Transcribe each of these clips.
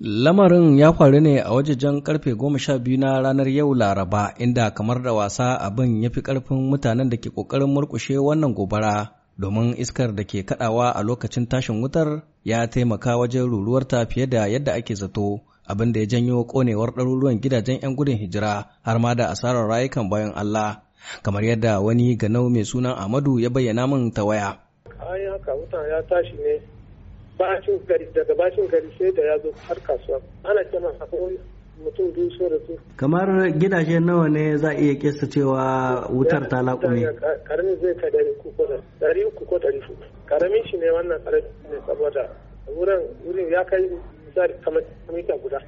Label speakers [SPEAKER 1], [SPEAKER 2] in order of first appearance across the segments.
[SPEAKER 1] Lamarin ya faru ne a wajejen karfe goma sha biyu na ranar yau Laraba inda kamar da wasa abin ya fi karfin mutanen da ke ƙoƙarin murkushe wannan gobara domin iskar da ke kaɗawa a lokacin tashin wutar ya taimaka wajen ta fiye da yadda ake zato abin da ya janyo ƙonewar ɗaruruwan gidajen 'yan gudun hijira har ma da asarar rayukan bayan Allah kamar yadda wani ganau mai sunan Amadu ya bayyana min ta waya.
[SPEAKER 2] haka ya tashi ne bashin gari daga bashin gari sai da ya zo har kasuwa ana cewa akwai mutum biyu so da su
[SPEAKER 1] kamar gidaje nawa ne za a iya kesa cewa wutar ta laƙume
[SPEAKER 2] karamin zai ka dari uku ko dari uku ko dari uku karamin shi ne wannan karamin ne saboda wurin wurin ya kai misali kamar mita guda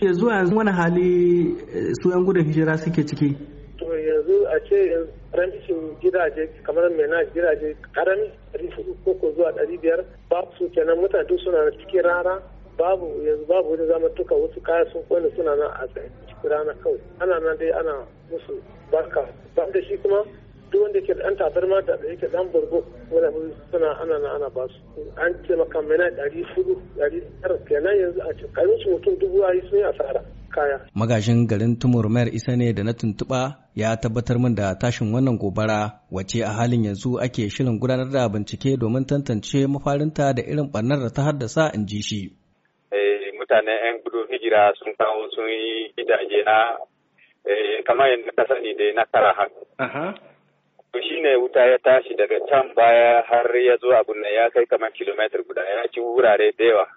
[SPEAKER 1] ke zuwa yanzu wani hali eh, su yan gudun hijira suke ciki
[SPEAKER 2] to yanzu a ce yanzu karamin gidaje kamar na gidaje karami ɗari hudu ko ko zuwa ɗari biyar babu su kenan mutane duk suna cikin rara babu yanzu babu wani zama tuka wasu kaya sun kone suna nan a cikin rana kawai ana nan dai ana musu barka ba da shi kuma duk wanda yake dan tabarma da yake dan burgo wanda suna ana nan ana su an taimaka mana ɗari hudu ɗari tara kenan yanzu a cikin su mutum dubu ayi sun yi asara kaya.
[SPEAKER 1] Magajin garin Tumur Mayar Isa ne da na tuntuɓa ya tabbatar min da tashin wannan gobara wace a halin yanzu ake shirin gudanar da bincike domin tantance mafarinta da irin ɓarnar da ta haddasa in ji shi.
[SPEAKER 3] Eh, mutanen 'yan gudu hijira sun kawo sun yi gidaje na eh, kamar yadda ka sani da na kara
[SPEAKER 1] haka.
[SPEAKER 3] shi ne wuta ya tashi daga can baya har ya zo abun ya kai kamar kilomitar guda ya ci wurare da yawa.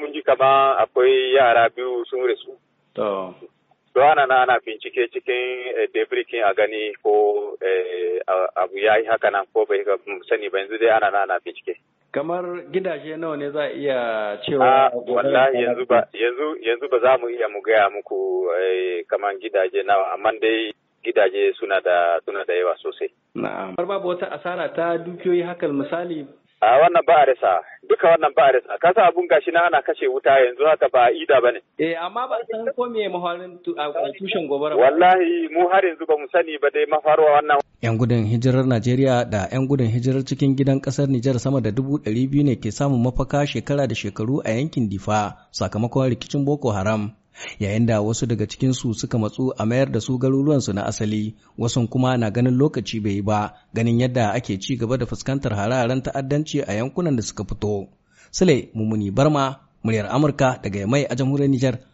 [SPEAKER 3] mun ji kama akwai yara biyu sun rasu. To. ana na ana bincike cikin eh, debrikin a gani ko eh, abu ya yi haka nan ko bai sani ba yanzu dai ana na ana bincike.
[SPEAKER 1] Kamar gidaje nawa ne za a iya cewa ah, wallahi yanzu ba
[SPEAKER 3] yanzu yanzu ba za mu iya mu gaya muku eh, kamar gidaje nawa amma dai gidaje suna da suna da yawa sosai. Na'am. Har babu wata asara ta dukiyoyi hakan misali. A ah, wannan ba a rasa duka wannan ba a kasa abun gashi na ana kashe wuta yanzu haka ba ida ne. eh amma ba san ko me maharin tushen gobara wallahi mu har yanzu ba mu sani ba dai mafarwa wannan
[SPEAKER 1] yan gudun hijirar Najeriya da yan gudun hijirar cikin gidan kasar Nijar sama da dubu ɗari biyu ne ke samun mafaka shekara da shekaru a yankin Difa sakamakon rikicin Boko Haram yayin da wasu daga cikinsu suka matsu a mayar da su garuruwansu na asali wasu kuma na ganin lokaci bai yi ba ganin yadda ake ci gaba da fuskantar hararen ta'addanci a yankunan da suka fito sule mummuni barma muryar amurka daga mai a jamhuriyar nijar